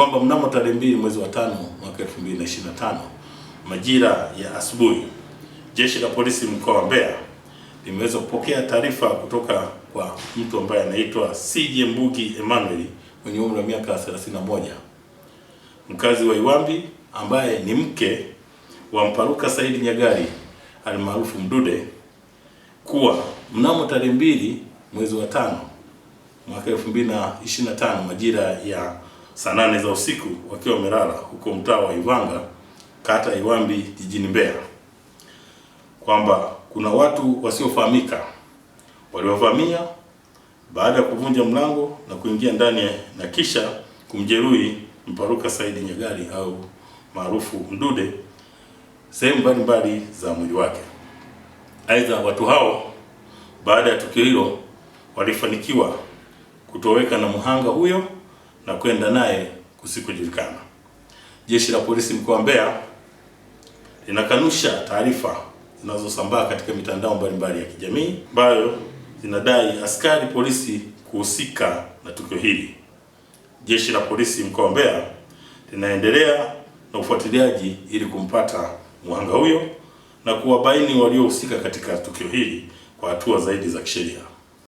kwamba mnamo tarehe mbili mwezi wa tano mwaka tano majira ya asubuhi, jeshi la polisi mkoa wa Mbeya limeweza kupokea taarifa kutoka kwa mtu ambaye anaitwa CJ Mbugi Emmanuel mwenye umri wa miaka 31 mkazi wa Iwambi ambaye ni mke wa Mparuka Saidi Nyagari almaarufu Mdude kuwa mnamo tarehe mbili mwezi wa tano mwaka 2025 majira ya saa nane za usiku wakiwa wamelala huko mtaa wa Ivanga kata Iwambi jijini Mbeya, kwamba kuna watu wasiofahamika waliovamia baada ya kuvunja mlango na kuingia ndani na kisha kumjeruhi Mparuka Saidi Nyagali au maarufu Mdude sehemu mbalimbali za mwili wake. Aidha, watu hao baada ya tukio hilo walifanikiwa kutoweka na mhanga huyo na kwenda naye kusikujulikana. Jeshi la polisi mkoa wa Mbeya linakanusha taarifa zinazosambaa katika mitandao mbalimbali ya kijamii ambayo zinadai askari polisi kuhusika na tukio hili. Jeshi la polisi mkoa wa Mbeya linaendelea na ufuatiliaji ili kumpata mhanga huyo na kuwabaini waliohusika katika tukio hili kwa hatua zaidi za kisheria.